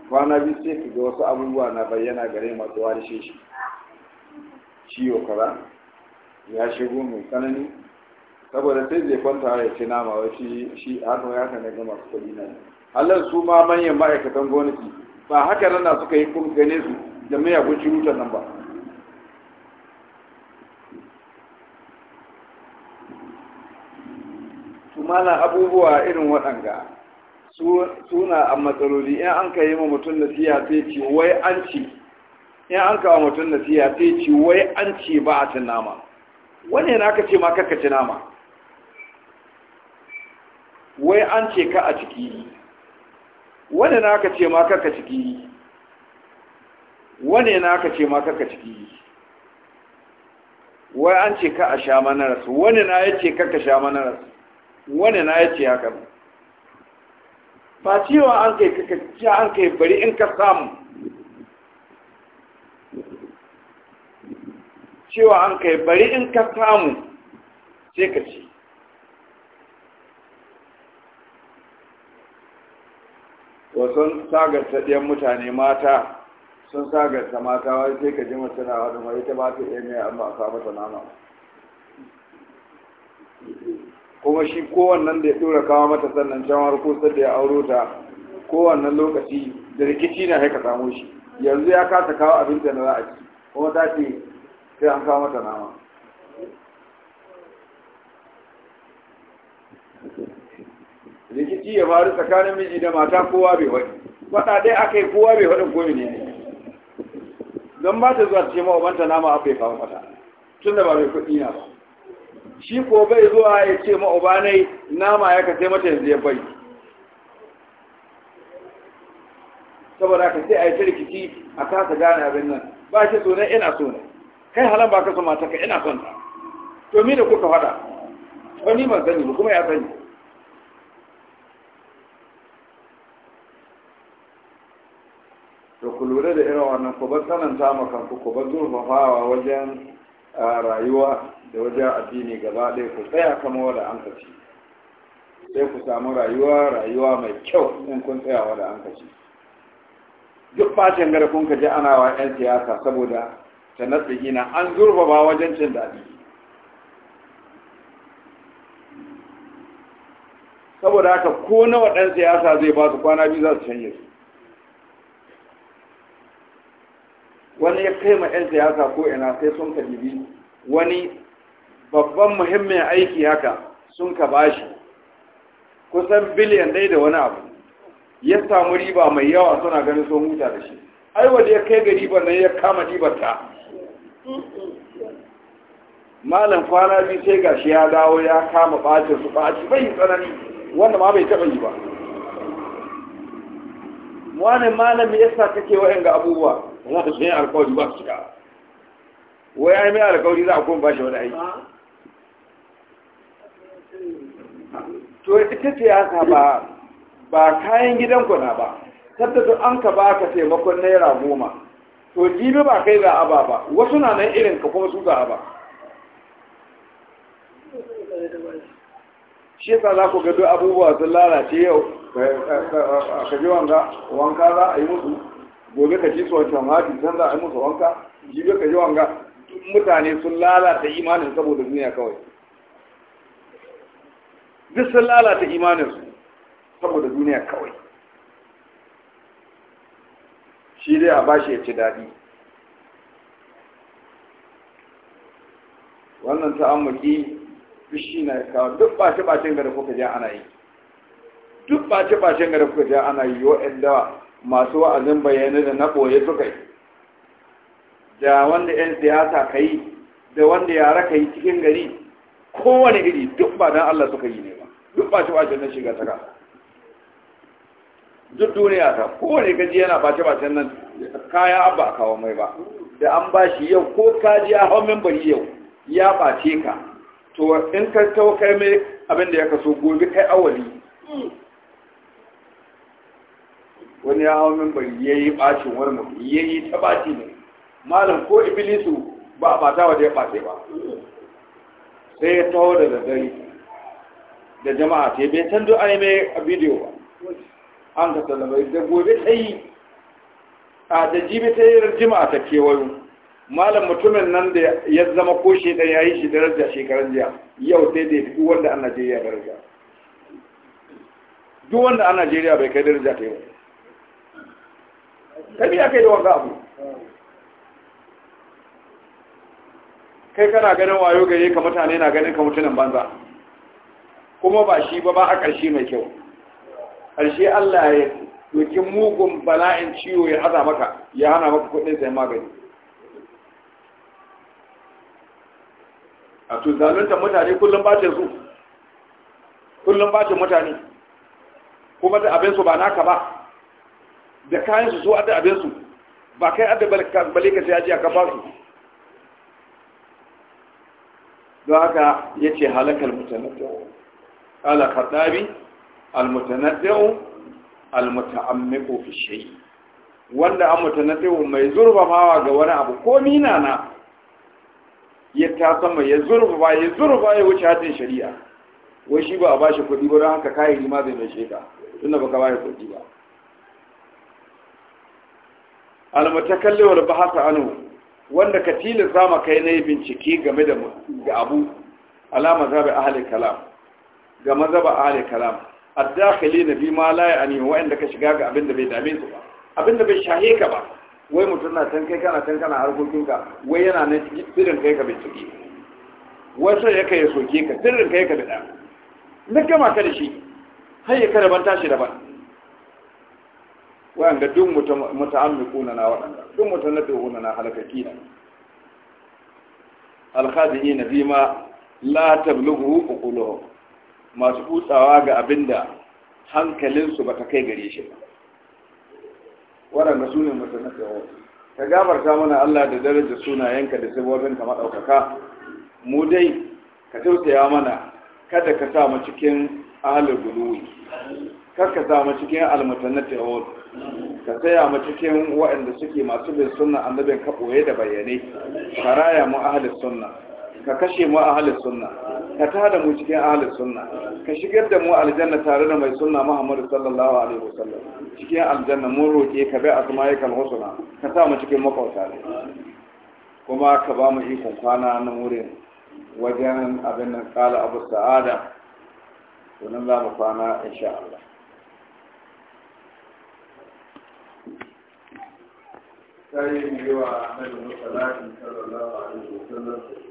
kwana biyu sai ki ga wasu abubuwa na bayyana gare masu warishe shi ciwo kaza ya shigo mai tsanani saboda sai zai kwanta ya ci nama wai shi haka ya kana gama masu kuɗi na ne halar su ma manyan ma'aikatan gwamnati ba haka nan suka yi kun gane su da mai abinci wutar nan ba na abubuwa irin waɗanga suna a matsaloli in an ka yi ma mutum siya sai ce wai an ci in an kawo mutum siya sai ce wai an ce ba a cin nama wani yana ka ce ma kakka ci nama wai an ce ka a ciki wane na aka ce ma kaka ciki wane na aka ce ma kaka ciki wai an ce ka a sha mana wane na ya ce kaka sha mana wane na ya ce haka ba cewa an kai kaka ce an kai bari in ka samu cewa an kai bari in ka samu sai ka ce ba sun sagarta ɗin mutane mata sun sagarta mata wai sai ka ji masu na wani mai ta ba ta iya an amma a samu ta nama kuma shi kowannan da ya ɗora kawo mata sannan can ko kusa da ya auro ta kowannan lokaci da rikici na haika samo shi yanzu ya kasa kawo abin da na za a ci kuma ta ce sai an kawo mata nama rikici ya faru tsakanin miji da mata kowa bai wani faɗa dai aka yi kowa bai wani gomi ne don ba ta zuwa ce ma obanta nama aka yi kawo mata tun da ba mai kuɗi na ba shi ko bai zuwa ya ce ma obanai nama ya kasai mata yanzu ya bai saboda ka sai a yi ta rikici a kasa gane abin nan ba shi so ne ina so ne kai halan ba ka so mata ka ina son ta to mi da kuka faɗa wani ban sani kuma ya sani ku lura da irin wannan ku bar ta makanku ku bar zurfafawa wajen rayuwa da wajen addini gaba ɗaya ku tsaya kama wada an kaci sai ku samu rayuwa rayuwa mai kyau in kun tsaya wada an kaci duk bacin gara kun kaji ana wa 'yan siyasa saboda ta natsigi na an zurfafa wajen cin daɗi saboda haka ko nawa ɗan siyasa zai ba su kwana biyu za su canje su wani ya kai ma 'yan siyasa ko ina sai sun ka dibi wani babban muhimmin aiki haka sun ka bashi kusan biliyan ɗaya da wani abu ya samu riba mai yawa suna ganin sun huta da shi ai da ya kai ga riba nan ya kama ribarta. malam kwana biyu sai gashi ya dawo ya kama bacin su baci bai tsanani wanda ma bai taɓa yi ba wani ya yasa kake wa'in ga abubuwa za ta sun alƙawari alkawari ba su cika wai ai mai alƙawari za a kuma ba shi wani aiki to ita ce haka ba ba kayan gidan na ba tabbata an ka ba ka taimakon naira goma to jibi ba kai za a ba ba wasu na nan irin ka kuma su za a ba shi yasa za ku gado abubuwa sun lalace yau ka ji wanka za a yi musu gobe ka ci su wancan hafi can za a yi musu wanka jibi ka ji wanga mutane sun lalata imanin saboda duniya kawai duk sun lalata imanin su saboda duniya kawai shi dai a bashi ya ci daɗi wannan ta'ammuki fushi na kawo duk ɓace-ɓacen ga da kuka ja ana yi duk ɓace-ɓacen ga da kuka ja ana yi yo 'yan dawa masu wa'azin bayyane da na ɓoye suka yi da wanda 'yan siyasa ka yi da wanda yara ka yi cikin gari kowane iri duk ba don Allah suka yi ne ba duk ba ce na shiga ta duk duniya ta kowane gaji yana bace-bacen nan kaya abba kawo mai ba da an ba shi yau ko kaji a hau membari yau ya bace ka to in ka kai mai abin da ya kaso gobe kai awali wani ya mimbar ya yi ɓacin wani mutum ya yi ta ɓaci ne malam ko ibilisu ba a ɓata wa ya ɓace ba sai ya taho da daddare da jama'a ce bai san duk an yi mai a bidiyo ba an ka sallama da gobe ta yi a da jibi ta yi jima'a ta kewayo malam mutumin nan da ya zama ko shedan ya yi shi daraja shekaran jiya yau sai da ya fi wanda a najeriya daraja duk wanda a najeriya bai kai daraja ta yau kai me aka yi da wanga abu kai kana ganin wayo gare ka mutane na ganin ka mutunan banza kuma ba shi ba ba a ƙarshe mai kyau ƙarshe Allah ya yi mugun bala'in ciwo ya haza maka ya hana maka kuɗin sai magani a tuzalinta mutane kullum bacin su kullum bacin mutane kuma da abin su ba naka ba da kayan su zuwa da abin su ba kai adda bale ka sai ajiya ka ba su don haka ya ce halakar mutanaddi'u ala khadabi almutanaddi'u almuta'ammiqu fi shay wanda an mutanaddi'u mai mawa ga wani abu ko nina na ya ta sama ya ba ya zurba ya wuce hatin shari'a wai shi ba a bashi kuɗi ba don haka kayan ma zai mai sheka tunda baka bashi kuɗi ba almatakalli wal bahasa anu wanda ka tilasta ma kai ne bincike game da ga abu alama zabi ahli kalam ga mazaba ahli kalam addakhili na bi ma la yani wanda ka shiga ga abin da bai dame su ba abin da bai shahe ka ba wai mutum na can kai kana can kana harkokinka wai yana na sirrin kai ka bincike wasu ya kai ya soke ka sirrin kai ka bida na gama ka da shi har ya ban tashi daban Wayan ga duk muta'ammiquna na waɗanda duk mutanadduhuna na halakaki na alkhadiina bima la tablughu uquluhum masu kutsawa ga abinda hankalinsu baka kai gare shi ba waɗanda su ne mutanadduhuna ka gabarta mana Allah da darajar sunayenka da sabobin ka madaukaka mu dai ka tausaya mana kada ka sa mu cikin ahlul guluwi karka samu cikin almutannati awon ka saya mu cikin waɗanda suke masu bin sunna annabin ka boye da bayyane ka raya mu ahli sunna ka kashe mu ahli sunna ka tada mu cikin ahli sunna ka shigar da mu aljanna tare da mai sunna Muhammad sallallahu alaihi wasallam cikin aljanna mun roke ka bai asma'ikal husna ka sa mu cikin makauta ne kuma ka ba mu ikon kwana na wurin wajen abin nan kala abu sa'ada sunan za mu kwana insha Allah ta yi yawa a kan musalatin sallallahu alaihi wasallam